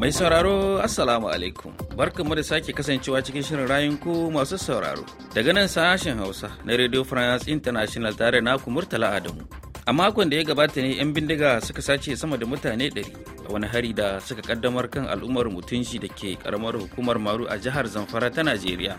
Mai sauraro Assalamu alaikum barkanmu da sake kasancewa cikin shirin rayun ku masu sauraro daga nan sashen Hausa na Radio France International tare naku Murtala Adamu. A makon da ya gabata ne 'yan bindiga suka sace sama da mutane 100 a wani hari da suka kaddamar kan al'ummar mutunci da ke karamar hukumar maru a jihar Zamfara ta Najeriya.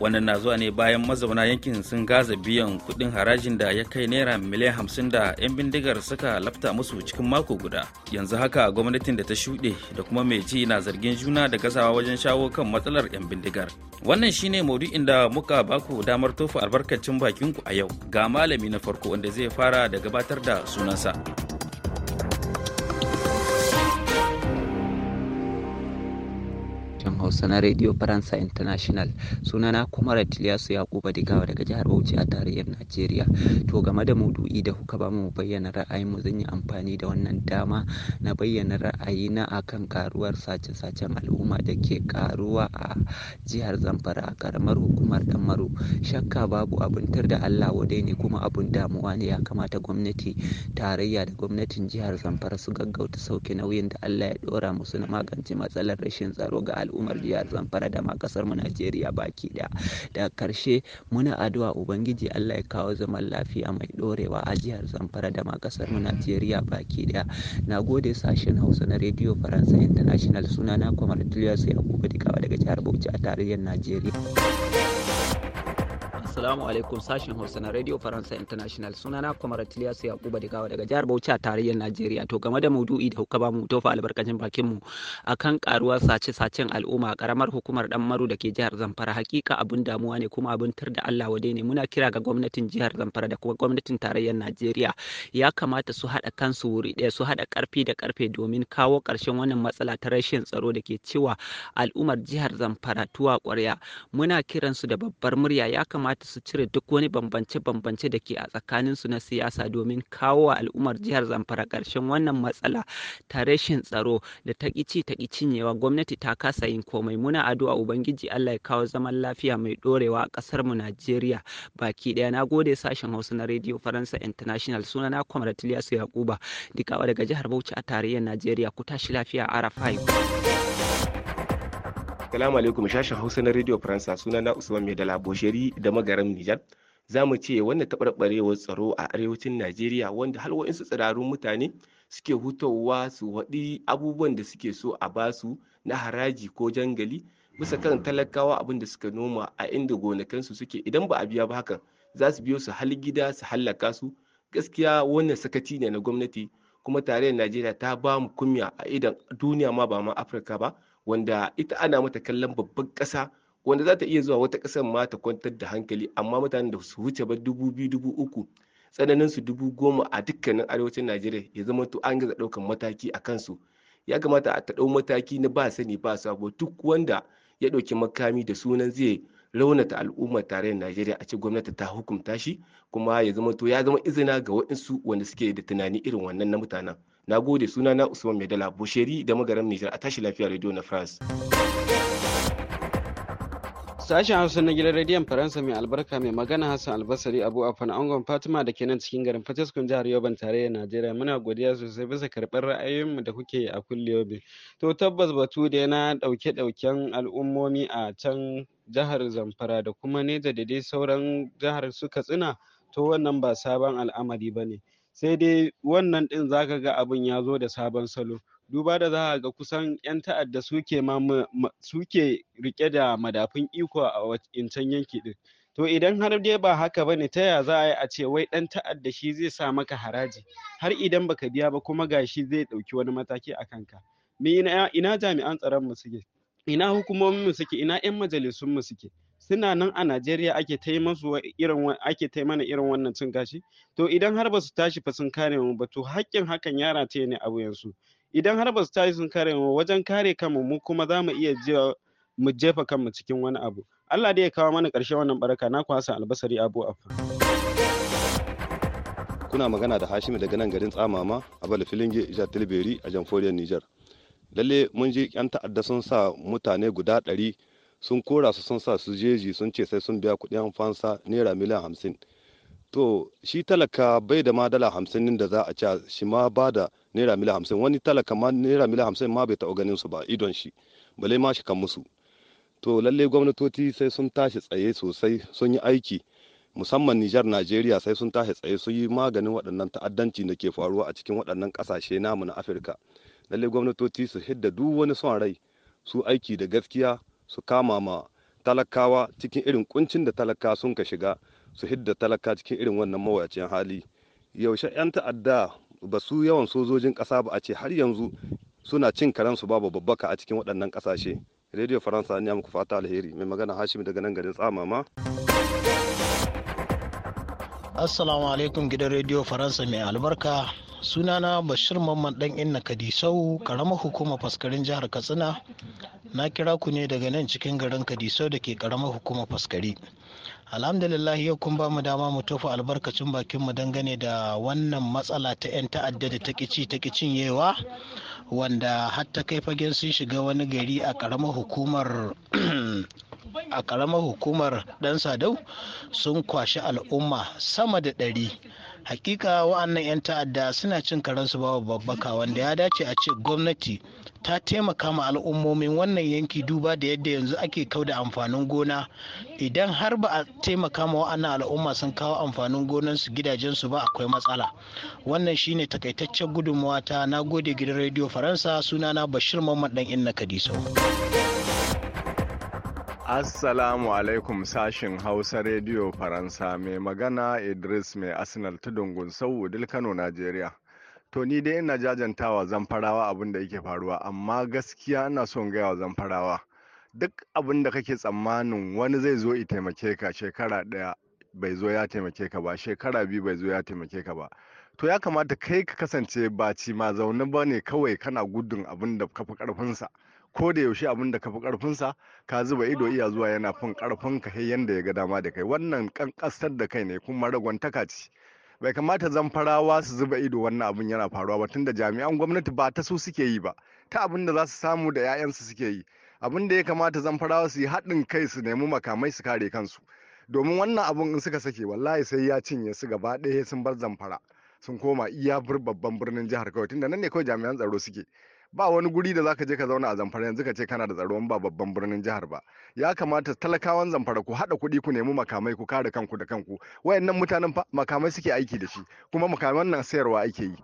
wannan na zuwa ne bayan mazauna yankin sun gaza biyan kuɗin harajin da ya kai naira miliyan hamsin da 'yan bindigar suka lafta musu cikin mako guda yanzu haka gwamnatin da ta shuɗe da kuma mai ji na zargin juna da gazawa wajen shawo kan matsalar 'yan bindigar wannan shine maudu'in da muka baku damar tofa albarkacin bakinku a yau ga malami na farko wanda zai fara da gabatar da sunansa. sashen Hausa na Radio Faransa International. Sunana kuma Ratiliyasu Yakuba Digawa daga jihar Bauchi a tarayyar Najeriya. To game da maudu'i da kuka ba mu bayyana ra'ayin mu zan yi amfani da wannan dama na bayyana ra'ayi ra'ayina kan karuwar sace-sacen al'umma da ke karuwa a jihar Zamfara a karamar hukumar Damaru. Shakka babu abin tar da Allah wadai ne kuma abin damuwa ne ya kamata gwamnati tarayya da gwamnatin jihar Zamfara su gaggauta sauke nauyin da Allah ya dora musu na magance matsalar rashin tsaro ga al'umma. al'ummar jihar zamfara da ma kasar mu najeriya baki daya da karshe muna addu'a ubangiji allah ya kawo zaman lafiya mai dorewa a jihar zamfara da ma kasar mu najeriya baki daya na gode sashen hausa na rediyo faransa international sunana kwamar julius yakubu dikawa daga jihar bauchi a tarayyar najeriya Assalamu alaikum sashen Hausa na Radio Faransa International sunana Kwamar Tiliyasu Yakuba Digawa daga jihar Bauchi a tarayyar Najeriya to game da maudu'i da kuka mu tofa albarkacin bakin mu akan karuwar sace-sacen al'umma a karamar hukumar Dan Maru da ke jihar Zamfara hakika abun damuwa ne kuma abun tar da Allah wade ne muna kira ga gwamnatin jihar Zamfara da kuma gwamnatin tarayyar Najeriya ya kamata su haɗa kansu wuri ɗaya su haɗa ƙarfi da karfe domin kawo ƙarshen wannan matsala ta rashin tsaro da ke cewa al'ummar jihar Zamfara tuwa ƙwarya muna kiransu da babbar murya ya kamata su cire duk wani bambance-bambance da ke a tsakaninsu na siyasa domin kawo wa al'ummar jihar zamfara ƙarshen wannan matsala ta rashin tsaro da ta ƙici ta cinyewa gwamnati ta kasa yin komai muna addu'a ubangiji allah ya kawo zaman lafiya mai ɗorewa a ƙasar mu najeriya baki ɗaya na gode sashen hausa na radio faransa international sunana kwamratiliyasu yakuba dikawa daga jihar bauchi a tarayyar najeriya ku tashi lafiya arafai Assalamu alaikum shashin Hausa na Radio Faransa suna na Usman da Bosheri da Magaran Nijar. Za mu ce wannan taɓarɓarewar tsaro a arewacin Najeriya wanda har su tsirarun mutane suke hutowa su waɗi abubuwan da suke so a basu na haraji ko jangali bisa kan talakawa abin da suka noma a inda gonakansu suke idan ba a biya ba hakan za su biyo su hal gida su hallaka su gaskiya wannan sakaci ne na gwamnati kuma tarayyar Najeriya ta ba mu kunya a idan duniya ma ba ma Afirka ba wanda ita ana mata kallon babban ƙasa wanda zata ta iya zuwa wata ƙasar ma ta kwantar da hankali amma mutanen da su wuce ba dubu biyu dubu uku tsananin su dubu goma a dukkanin arewacin najeriya ya zama to an gaza ɗaukan mataki a kansu ya kamata a ta ɗau mataki na ba sani ba sabo duk wanda ya ɗauki makami da sunan zai raunata al'ummar tarayyar najeriya a ce gwamnati ta hukunta shi kuma ya zama to ya zama izina ga waɗansu wanda suke da tunani irin wannan na mutanen na gode suna na usman medela busheri da magaran nijar a tashi lafiya radio na france Sashen Hausa na gidan rediyon Faransa mai albarka mai magana Hassan Albasari Abu a Angon Fatima da ke nan cikin garin fatiskun jihar Yoban tarayyar Najeriya muna godiya sosai bisa karɓar ra'ayoyinmu da kuke a kulle yobe. To tabbas batu da yana ɗauke-ɗauken al'ummomi a can jihar Zamfara da kuma Neja da dai sauran jihar suka tsina? to wannan ba sabon al'amari ba ne. sai dai wannan ɗin zaka ga abin ya zo da sabon salo duba da za ga kusan 'yan ta'adda suke ma suke riƙe da madafun iko a wancan yanki ɗin to idan har dai ba haka ba ne ta ya za a yi a ce wai ɗan ta'adda shi zai sa maka haraji har idan baka biya ba kuma ga shi zai ɗauki wani mataki a kanka ina jami'an tsaron mu suke ina hukumomin mu suke ina 'yan majalisun mu suke suna nan a Najeriya ake ta masu irin ake ta mana irin wannan cin gashi to idan har ba su tashi fa sun kare mu ba to haƙƙin hakan yara ta ne a yanzu. idan har ba su tashi sun kare mu wajen kare kanmu mu kuma za mu iya mu jefa kanmu cikin wani abu Allah dai ya kawo mana ƙarshen wannan baraka na kwasa albasari abu afa kuna magana da Hashim daga nan garin Tsamama a Bala Filinge Jihar Tilberi a Jamhuriyar Niger lalle mun ji yan ta'adda sun sa mutane guda ɗari sun kora su sun sa su jeji sun ce sai sun biya kuɗin fansa naira miliyan hamsin to shi talaka bai da ma dala hamsin da za a ci shi ma ba da naira miliyan hamsin wani talaka ma naira miliyan hamsin ma bai taɓa ganin su ba idon shi balai ma shi kan musu to lalle gwamnatoci sai sun tashi tsaye sosai sun yi aiki musamman Nijar Najeriya sai sun tashi tsaye sun yi maganin waɗannan ta'addanci da ke faruwa a cikin waɗannan ƙasashe namu na Afirka lalle gwamnatoci su hidda duk wani son rai su aiki da gaskiya su kama ma talakawa cikin irin kuncin da talaka sun ka shiga su hidda talaka cikin irin wannan mawuyacin hali yaushe 'yan ta'adda ba su yawan sojojin ƙasa ba a ce har yanzu suna cin su babu babbaka a cikin waɗannan ƙasashe radio faransa ne muku fata alheri mai magana hashim daga nan garin tsamama assalamu alaikum gidan radio faransa mai albarka sunana bashir mamman dan inna kadisau karamar hukumar faskarin jihar katsina na kira ku ne daga nan cikin garin kadisau da ke karamar hukumar faskari alhamdulillah yau kun ba mu dama mu tofa albarkacin bakin mu dangane da wannan matsala ta 'yan ta'adda da takici takicin yewa wanda har ta kai fagen sun shiga wani gari a karamar hukumar a karamar hukumar dan sadau sun kwashi al'umma sama da ɗari hakika wa'annan 'yan ta'adda suna cin karansu wa babbaka wanda ya dace a ce gwamnati ta taimaka ma al'ummomin wannan yanki duba da yadda yanzu ake kau da amfanin gona idan har ba a taimaka ma wa'annan al'umma sun kawo amfanin gonansu gidajensu ba akwai matsala wannan shine takaitaccen gudunmawa ta na gode gidan rediyo faransa sunana bashir mamman dan inna Kadiso. Assalamu alaikum sashin Hausa Radio Faransa mai magana Idris mai Arsenal tudun Sa'u Wudil Kano Najeriya. To ni dai ina jajantawa zamfarawa abin da yake faruwa amma gaskiya ina son gaya wa zamfarawa duk abin da kake tsammanin wani zai zo i taimake ka shekara ɗaya bai zo ya taimake ka ba shekara biyu bai zo ya taimake ka ba to ya kamata kai ka kasance ba ci ma zaune ba ne kawai kana gudun abin da ka fi ƙarfinsa. ko da yaushe abin da ka fi karfinsa ka zuba ido iya zuwa yana fin karfin ka yanda ya ga dama da kai wannan kankastar da kai ne kuma ragwantaka ce bai kamata zamfarawa su zuba ido wannan abin yana faruwa ba tunda jami'an gwamnati ba ta su suke yi ba ta abin da za su samu da 'ya'yansu suke yi abin da ya kamata zamfarawa su yi haɗin kai su nemi makamai su kare kansu domin wannan abin in suka sake wallahi sai ya cinye su gaba ɗaya sun bar zamfara sun koma iya babban birnin jihar kawai tunda nan ne kawai jami'an tsaro suke ba wani guri da zaka je ka zauna a zamfara yanzu ka ce kana da tsaro ba babban birnin jihar ba ya kamata talakawan zamfara ku haɗa kuɗi ku nemi makamai ku kare kanku da kanku wayannan mutanen makamai suke aiki da shi kuma makaman nan sayarwa ake yi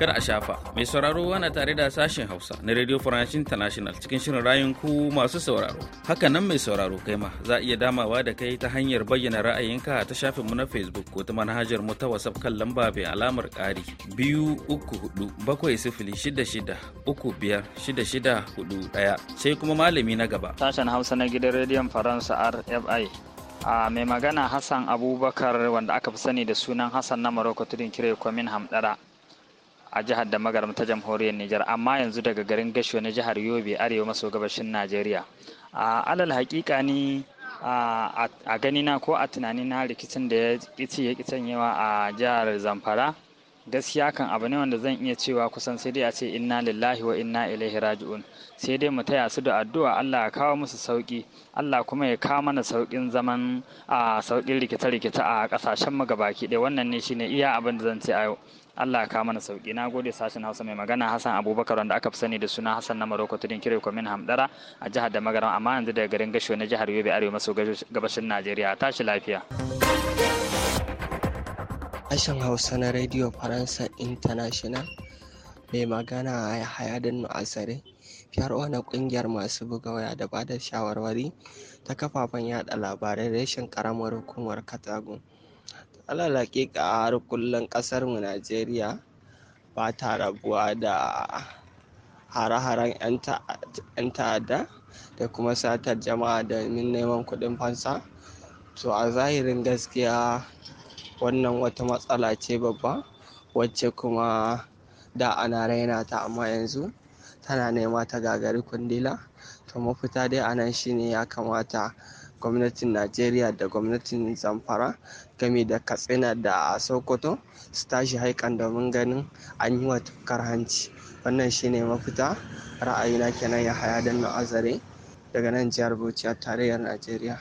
kar a shafa mai sauraro ana tare da sashen hausa na radio france international cikin shirin rayun ku masu sauraro haka nan mai sauraro kai ma za a iya damawa da kai ta hanyar bayyana ra'ayinka ta shafin mu na facebook ko ta manhajar mu ta whatsapp kan lamba mai alamar kari biyu uku hudu bakwai sifili shida shida uku biyar shida shida hudu daya. sai kuma malami na gaba sashen hausa na gidan rediyon faransa rfi a mai magana hassan abubakar wanda aka fi sani da sunan hassan na maroko tudun kire kwamin hamdara a jihar da magaram ta jamhuriyar Nijar amma yanzu daga garin Gasho na jihar Yobe arewa maso gabashin Najeriya. A alal hakika ni a ganina ko a tunanin na rikicin da ya kici ya a jihar Zamfara gaskiya kan abu ne wanda zan iya cewa kusan sai dai a ce inna lillahi wa inna ilaihi raji'un sai dai mu taya su da addu'a Allah ya kawo musu sauki Allah kuma ya kawo mana saukin zaman a saukin rikice-rikice a kasashen mu gabaki ɗaya wannan ne shine iya abin da zan ce a yau Allah kawo mana sauki na gode sashen Hausa mai magana Hassan Abubakar wanda aka fi sani da suna Hassan na Maroko tudin kire kwamin Hamdara a jihar da magaran amma yanzu daga garin Gasho na jihar Yobe Arewa maso gabashin Najeriya tashi lafiya. Sashen Hausa na Radio Faransa International mai magana a da Asare, fiyarwa na ƙungiyar masu buga waya da bada shawarwari ta kafafen yada labarai rashin ƙaramar hukumar Katagun. alalaki hakika har kullum ƙasarmu Najeriya ba ta rabuwa da hare-haren 'yan ta'adda da kuma satar jama'a domin neman kuɗin fansa. To a zahirin gaskiya wannan wata matsala ce babba wacce kuma da ana raina ta amma yanzu tana nema ta gagari kundila to mafita dai a nan shine ya kamata gwamnatin najeriya da gwamnatin zamfara game da katsina da sokoto su tashi haikan domin ganin an yi wa tukar hanci wannan shine mafita ra'ayina kenan ya haya da azare daga nan jihar bauchi a tarayyar najeriya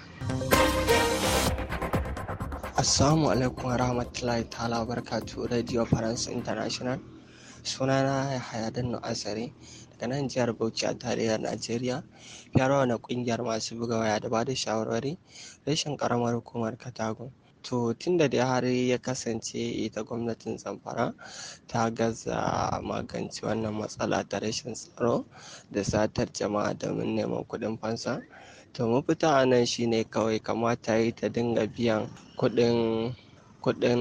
Assalamu alaikum wa rahmatullahi ta'ala barkatu Radio France International. Sunana Yahaya Danno Asare daga nan jihar Bauchi a tarayyar Najeriya. Fiyarwa na kungiyar masu buga waya da ba da shawarwari rashin karamar hukumar Katago. To tun da dai har ya kasance ita gwamnatin Zamfara ta gaza magance wannan matsala ta rashin tsaro da satar jama'a domin neman kuɗin fansa. To mafita a nan ne kawai kamata yi ta dinga biyan kuɗin, kuɗin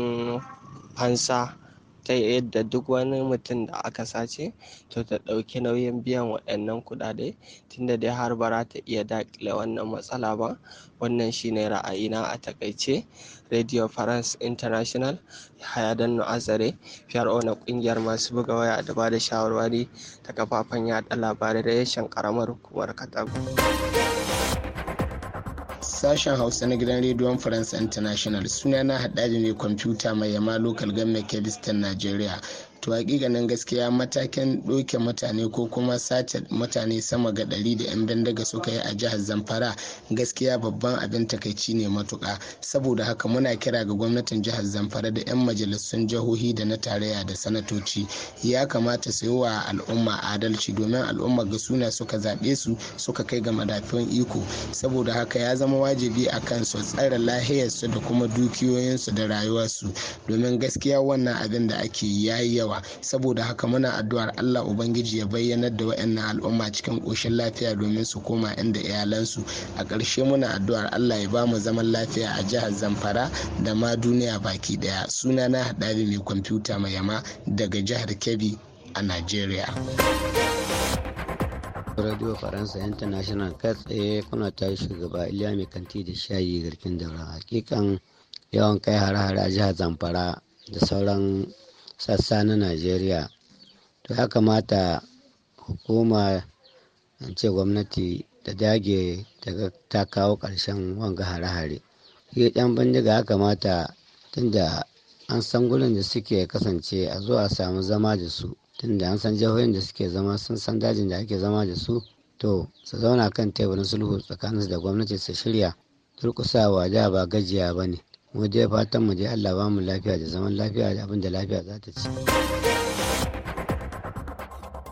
fansa ta yadda duk wani mutum da aka sace to ta ɗauki nauyin biyan waɗannan kuɗaɗe tunda dai har ba za ta iya daƙile wannan matsala ba. Wannan shine ra'ayina a takaice. Radio France International, Yahaya Danno Azare, PRO na ƙungiyar masu buga waya da ba da shawarwari ta kafafen yaɗa labarai reshen ƙaramar hukumar Katako. Sashen Hausa na gidan rediyon Faransa International suna na haɗari ne kwamfuta mai yama lokal gan Kebistan nigeria. to hakikanin gaskiya matakin ɗauke mutane ko kuma sace mutane sama ga ɗari da 'yan bindiga suka yi a jihar zamfara gaskiya babban abin takaici ne matuƙa saboda haka muna kira ga gwamnatin jihar zamfara da 'yan majalisun jihohi da na tarayya da sanatoci ya kamata su yi wa al'umma adalci domin al'umma ga suna suka zaɓe su suka kai ga madafin iko saboda haka ya zama wajibi a kan su tsare lahiyarsu da kuma dukiyoyinsu da rayuwarsu domin gaskiya wannan abin da ake yi yayi yawa saboda haka muna addu'ar Allah ubangiji ya bayyanar da wayannan al'umma cikin koshin lafiya domin su koma inda iyalansu a ƙarshe muna addu'ar Allah ya ba mu zaman lafiya a jihar Zamfara da ma duniya baki daya na haɗari mai kwamfuta mai yama daga jihar Kebbi a Najeriya. radio faransa international kai tsaye kuna tashi shugaba iliya mai kanti da shayi garkin daura hakikan yawan kai hare-hare a jihar zamfara da sauran sassa na najeriya to ya kamata hukuma ce gwamnati ta dage ta kawo ƙarshen wanga hare-hare yi ɗan bindiga ya kamata tunda an san gurin da suke kasance a zuwa samu zama da su tunda an san jihohin da suke zama sun san dajin da ake zama da su to su zauna kan teburin sulhu tsakaninsu da gwamnati su shirya durƙusawa da ba gajiya ba ne mu je fatan mu je Allah ba mu lafiya da zaman lafiya da abin da lafiya za ta ci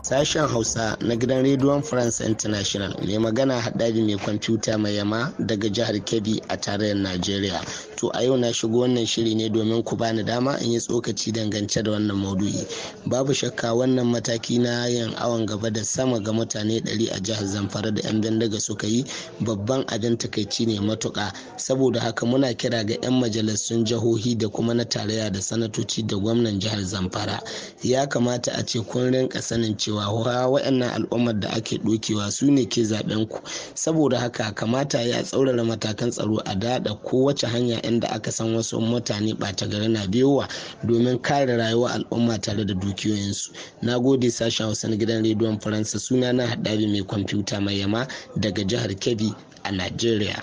sashen hausa na gidan rediyon france international mai magana haddadi mai kwamfuta mai yama daga jihar kebbi a tarayyar najeriya to a yau na shigo wannan shiri ne domin ku bani dama in yi tsokaci dangance da wannan maudu'i babu shakka wannan mataki na yin awon gaba da sama ga mutane 100 a jihar zamfara da 'yan dandaga suka yi babban abin takaici ne matuka saboda haka muna kira ga 'yan majalisun jihohi da kuma na tarayya da sanatoci da gwamnan jihar zamfara ya kamata a ce kun rinka sanin cewa waɗannan al'ummar da ake ɗokewa su ne ke zaben ku saboda haka kamata ya tsaurara matakan tsaro a dada kowace hanya inda aka san wasu mutane ɓata gari na biyowa domin kare rayuwar al'umma tare da dukiyoyinsu na gode sashen hausa na gidan rediyon faransa suna na haɗari mai kwamfuta mai yama daga jihar kebbi a nigeria.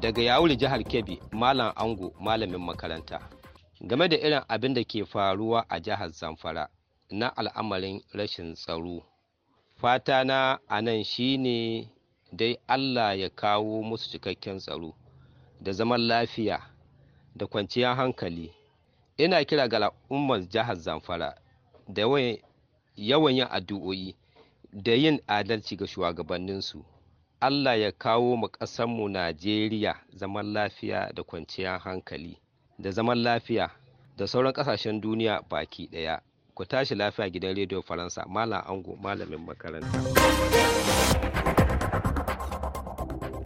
daga yawuri jihar kebbi malam ango malamin makaranta game da irin abin da ke faruwa a jihar zamfara na al'amarin rashin tsaro fata na anan shine dai allah ya kawo musu cikakken tsaro da zaman lafiya da kwanciyar hankali ina kira ga al'ummar jihar zamfara da yawan yin addu'o'i da yin adalci ga shugabanninsu allah ya kawo mu ƙasarmu najeriya zaman lafiya da kwanciyar hankali da zaman lafiya da sauran ƙasashen duniya baki ɗaya ku tashi lafiya gidan rediyo faransa malam ango malamin makaranta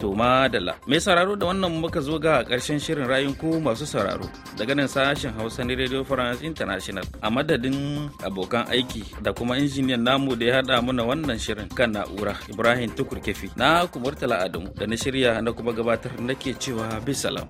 To madalla, mai sauraro da wannan muka zo ga ƙarshen shirin rayun ku masu sauraro daga nan sashen Hausa na Radio France International a madadin abokan aiki da kuma injiniyan namu da ya haɗa mana wannan shirin kan na'ura Ibrahim Tukur Kefi na kumurtala Adamu da na shirya na kuma gabatar nake cewa bisalam.